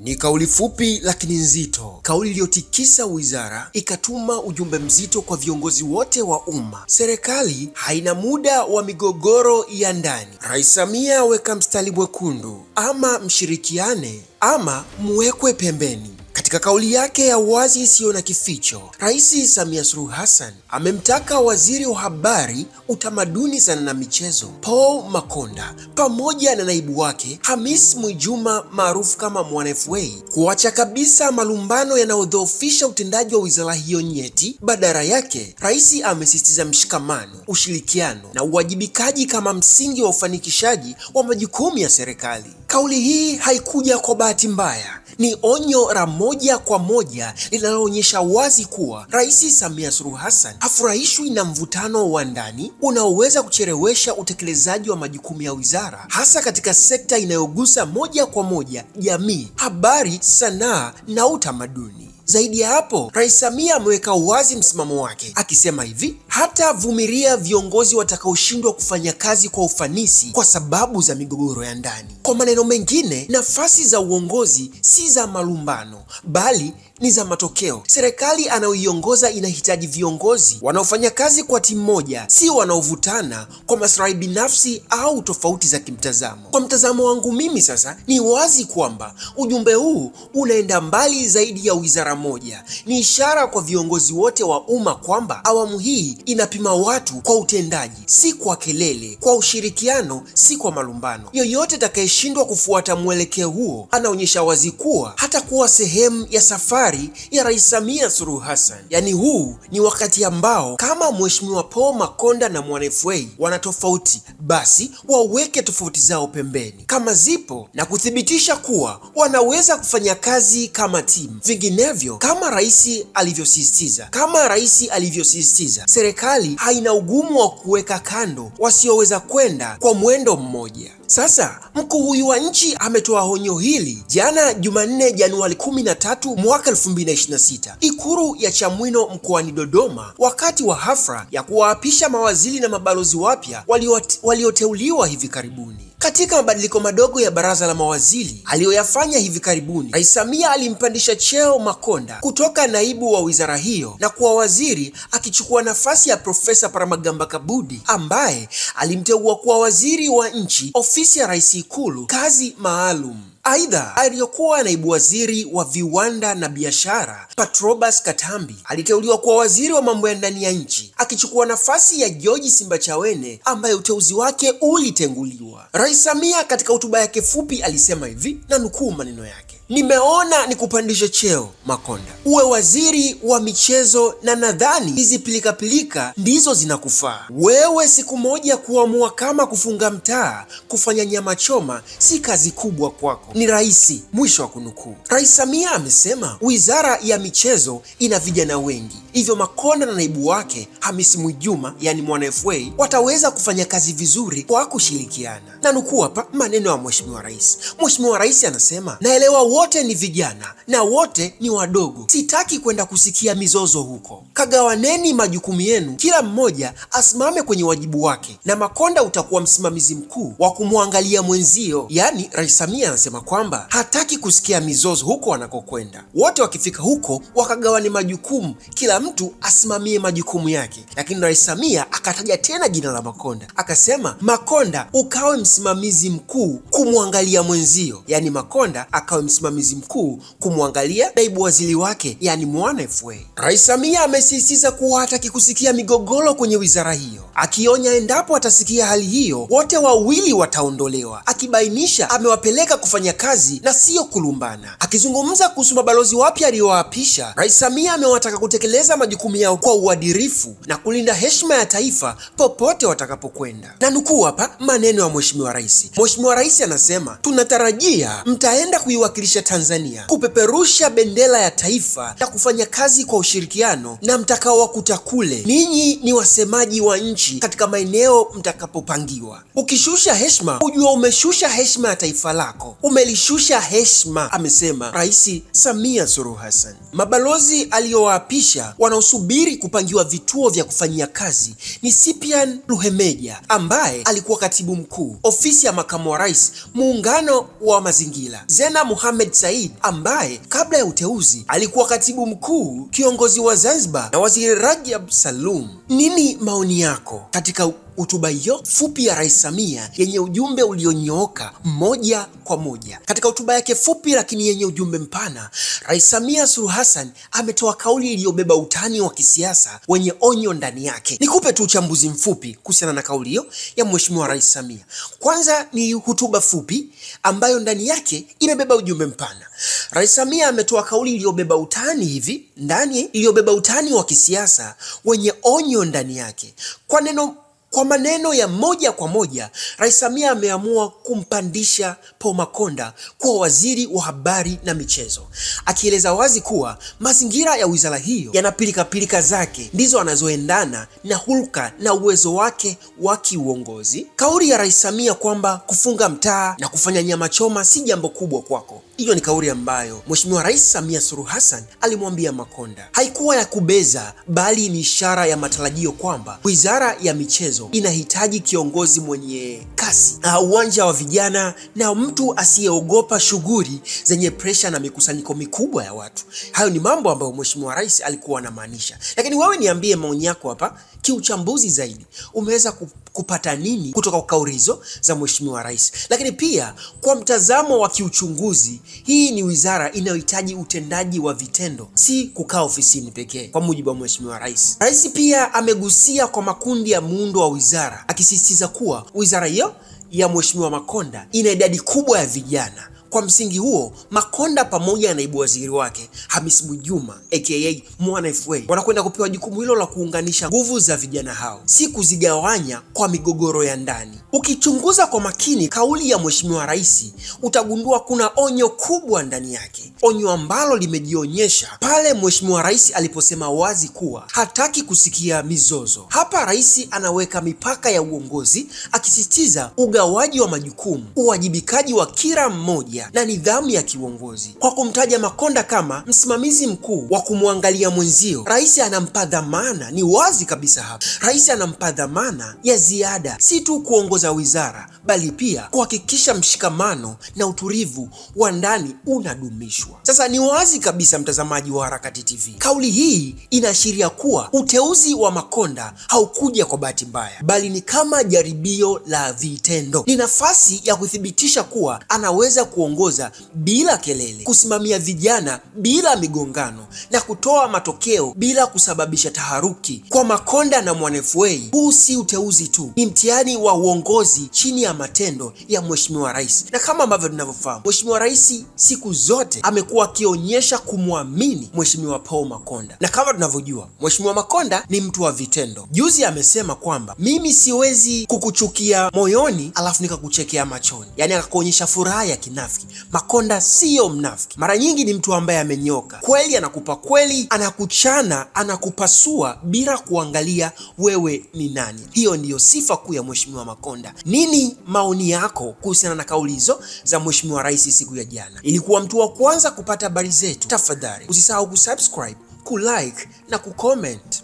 Ni kauli fupi lakini nzito, kauli iliyotikisa wizara, ikatuma ujumbe mzito kwa viongozi wote wa umma: serikali haina muda wa migogoro ya ndani. Rais Samia, weka mstari mwekundu, ama mshirikiane ama muwekwe pembeni. Katika kauli yake ya wazi isiyo na kificho, Rais Samia Suluhu Hassan amemtaka waziri wa habari, utamaduni, sana na michezo Paul Makonda pamoja na naibu wake Hamis Mwijuma maarufu kama Mwana kuacha kabisa malumbano yanayodhoofisha utendaji wa wizara hiyo nyeti. Badala yake, rais amesisitiza mshikamano, ushirikiano na uwajibikaji kama msingi wa ufanikishaji wa majukumu ya serikali. Kauli hii haikuja kwa bahati mbaya. Ni onyo la moja kwa moja linaloonyesha wazi kuwa Rais Samia Suluhu Hassan hafurahishwi na mvutano wa ndani unaoweza kuchelewesha utekelezaji wa majukumu ya wizara, hasa katika sekta inayogusa moja kwa moja jamii, habari, sanaa na utamaduni. Zaidi ya hapo, Rais Samia ameweka wazi msimamo wake akisema hivi, hatavumilia viongozi watakaoshindwa kufanya kazi kwa ufanisi kwa sababu za migogoro ya ndani. Kwa maneno mengine, nafasi za uongozi si za malumbano, bali ni za matokeo. Serikali anayoiongoza inahitaji viongozi wanaofanya kazi kwa timu moja, si wanaovutana kwa maslahi binafsi au tofauti za kimtazamo. Kwa mtazamo wangu mimi, sasa ni wazi kwamba ujumbe huu unaenda mbali zaidi ya wizara moja. Ni ishara kwa viongozi wote wa umma kwamba awamu hii inapima watu kwa utendaji, si kwa kelele, kwa ushirikiano, si kwa malumbano. Yoyote atakayeshindwa kufuata mwelekeo huo anaonyesha wazi kuwa hatakuwa sehemu ya safari ya Rais Samia Suluhu Hassan. Yaani, huu ni wakati ambao kama Mheshimiwa Paul Makonda na Mwanafa wana tofauti, basi waweke tofauti zao pembeni kama zipo na kuthibitisha kuwa wanaweza kufanya kazi kama timu, vinginevyo hivyo, kama rais alivyosisitiza, kama rais alivyosisitiza, serikali haina ugumu wa kuweka kando wasioweza kwenda kwa mwendo mmoja. Sasa mkuu huyu wa nchi ametoa onyo hili jana Jumanne, Januari 13 mwaka 2026, Ikulu ya Chamwino mkoani Dodoma, wakati wa hafla ya kuwaapisha mawaziri na mabalozi wapya walioteuliwa hivi karibuni. Katika mabadiliko madogo ya baraza la mawaziri aliyoyafanya hivi karibuni, Rais Samia alimpandisha cheo Makonda kutoka naibu wa wizara hiyo na kuwa waziri, akichukua nafasi ya Profesa Paramagamba Kabudi ambaye alimteua kuwa waziri wa nchi ofisi ofisi ya rais Ikulu kazi maalum. Aidha, aliyokuwa naibu waziri wa viwanda na biashara Patrobas Katambi aliteuliwa kuwa waziri wa mambo ya ndani ya nchi akichukua nafasi ya George Simbachawene ambaye uteuzi wake ulitenguliwa. Rais Samia katika hotuba yake fupi alisema hivi, na nukuu maneno yake Nimeona ni kupandisha cheo Makonda, uwe waziri wa michezo, na nadhani hizi pilikapilika ndizo zinakufaa wewe. Siku moja kuamua kama kufunga mtaa, kufanya nyama choma si kazi kubwa kwako, ni rahisi. Mwisho wa kunukuu. Rais Samia amesema wizara ya michezo ina vijana wengi, hivyo Makonda na naibu wake Hamisi Mwinjuma, yani mwana FA, wataweza kufanya kazi vizuri kwa kushirikiana. Na nukuu hapa maneno ya Mheshimiwa Rais. Mheshimiwa Rais anasema naelewa wote ni vijana na wote ni wadogo. Sitaki kwenda kusikia mizozo huko. Kagawaneni majukumu yenu, kila mmoja asimame kwenye wajibu wake, na Makonda utakuwa msimamizi mkuu wa kumwangalia mwenzio. Yaani Rais Samia anasema kwamba hataki kusikia mizozo huko wanakokwenda. Wote wakifika huko wakagawane majukumu, kila mtu asimamie majukumu yake. Lakini Rais Samia akataja tena jina la Makonda akasema, Makonda ukawe msimamizi mkuu kumwangalia mwenzio, yaani Makonda akawe msimamizi msimamizi mkuu kumwangalia naibu waziri wake, yani Mwana FA. Rais Samia amesisitiza kuwa hataki kusikia migogoro kwenye wizara hiyo, akionya endapo atasikia hali hiyo wote wawili wataondolewa, akibainisha amewapeleka kufanya kazi na siyo kulumbana. Akizungumza kuhusu mabalozi wapya aliyowaapisha, Rais Samia amewataka kutekeleza majukumu yao kwa uadilifu na kulinda heshima ya taifa popote watakapokwenda. Na nukuu hapa maneno ya Mheshimiwa Rais. Mheshimiwa Rais anasema tunatarajia mtaenda kuiwakilisha kuiwakilisha Tanzania, kupeperusha bendera ya taifa na kufanya kazi kwa ushirikiano na mtakaowakuta kule. Ninyi ni wasemaji wa nchi katika maeneo mtakapopangiwa. Ukishusha heshima, hujua umeshusha heshima ya taifa lako, umelishusha heshima, amesema Rais Samia Suluhu Hassan. Mabalozi aliyowaapisha wanaosubiri kupangiwa vituo vya kufanyia kazi ni Cyprian Ruhemeja ambaye alikuwa katibu mkuu ofisi ya makamu wa rais, muungano wa mazingira, Zena Muhammad Ahmed Said ambaye kabla ya uteuzi alikuwa katibu mkuu, kiongozi wa Zanzibar na Waziri Rajab Salum. Nini maoni yako katika hotuba yote fupi ya Rais Samia yenye ujumbe ulionyooka moja kwa moja. Katika hotuba yake fupi lakini yenye ujumbe mpana, Rais Samia Suluhu Hassan ametoa kauli iliyobeba utani wa kisiasa wenye onyo ndani yake. Nikupe tu uchambuzi mfupi kuhusiana na kauli hiyo ya Mheshimiwa Rais Samia. Kwanza ni hotuba fupi ambayo ndani yake imebeba ujumbe mpana. Rais Samia ametoa kauli iliyobeba utani hivi ndani, iliyobeba utani wa kisiasa wenye onyo ndani yake kwa neno kwa maneno ya moja kwa moja, Rais Samia ameamua kumpandisha Paul Makonda kuwa waziri wa habari na michezo, akieleza wazi kuwa mazingira ya wizara hiyo yana pilikapilika zake ndizo anazoendana na hulka na uwezo wake wa kiuongozi. Kauli ya Rais Samia kwamba kufunga mtaa na kufanya nyama choma si jambo kubwa kwako, hiyo ni kauli ambayo Mheshimiwa Rais Samia Suluhu Hassan alimwambia Makonda. Haikuwa ya kubeza, bali ni ishara ya matarajio kwamba wizara ya michezo michezo inahitaji kiongozi mwenye kasi, uwanja wa vijana na mtu asiyeogopa shughuli zenye presha na mikusanyiko mikubwa ya watu. Hayo ni mambo ambayo Mheshimiwa Rais alikuwa anamaanisha. Lakini wewe niambie maoni yako hapa kiuchambuzi zaidi, umeweza kupata nini kutoka kwa kauli hizo za Mheshimiwa Rais? Lakini pia kwa mtazamo wa kiuchunguzi, hii ni wizara inayohitaji utendaji wa vitendo, si kukaa ofisini pekee, kwa mujibu wa Mheshimiwa Rais. Rais pia amegusia kwa makundi ya muundo wizara akisisitiza kuwa wizara hiyo ya Mheshimiwa Makonda ina idadi kubwa ya vijana kwa msingi huo, Makonda pamoja na naibu waziri wake Hamis Mwinjuma aka Mwana FA wanakwenda kupewa jukumu hilo la kuunganisha nguvu za vijana hao, si kuzigawanya kwa migogoro ya ndani. Ukichunguza kwa makini kauli ya Mheshimiwa Rais utagundua kuna onyo kubwa ndani yake, onyo ambalo limejionyesha pale Mheshimiwa Rais aliposema wazi kuwa hataki kusikia mizozo. Hapa rais anaweka mipaka ya uongozi, akisisitiza ugawaji wa majukumu, uwajibikaji wa kila mmoja pamoja na nidhamu ya kiuongozi kwa kumtaja Makonda kama msimamizi mkuu wa kumwangalia mwenzio. Rais anampa dhamana, ni wazi kabisa hapa, rais anampa dhamana ya ziada, si tu kuongoza wizara, bali pia kuhakikisha mshikamano na utulivu wa ndani unadumishwa. Sasa ni wazi kabisa, mtazamaji wa Harakati TV, kauli hii inaashiria kuwa uteuzi wa Makonda haukuja kwa bahati mbaya, bali ni kama jaribio la vitendo, ni nafasi ya kuthibitisha kuwa anaweza kuongoza kuongoza bila kelele, kusimamia vijana bila migongano na kutoa matokeo bila kusababisha taharuki. Kwa Makonda na mwanefuei huu si uteuzi tu, ni mtihani wa uongozi chini ya matendo ya Mheshimiwa Rais. Na kama ambavyo tunavyofahamu, Mheshimiwa Rais siku zote amekuwa akionyesha kumwamini Mheshimiwa Paul Makonda, na kama tunavyojua Mheshimiwa Makonda ni mtu wa vitendo. Juzi amesema kwamba mimi siwezi kukuchukia moyoni alafu nikakuchekea machoni, yaani akakuonyesha furaha ya kinafsi mnafiki. Makonda siyo mnafiki, mara nyingi ni mtu ambaye amenyoka kweli, anakupa kweli, anakuchana, anakupasua bila kuangalia wewe ni nani. Hiyo ndiyo sifa kuu ya Mheshimiwa Makonda. Nini maoni yako kuhusiana na kauli hizo za Mheshimiwa Rais siku ya jana? Ilikuwa mtu wa kwanza kupata habari zetu, tafadhali usisahau kusubscribe, kulike na kucomment.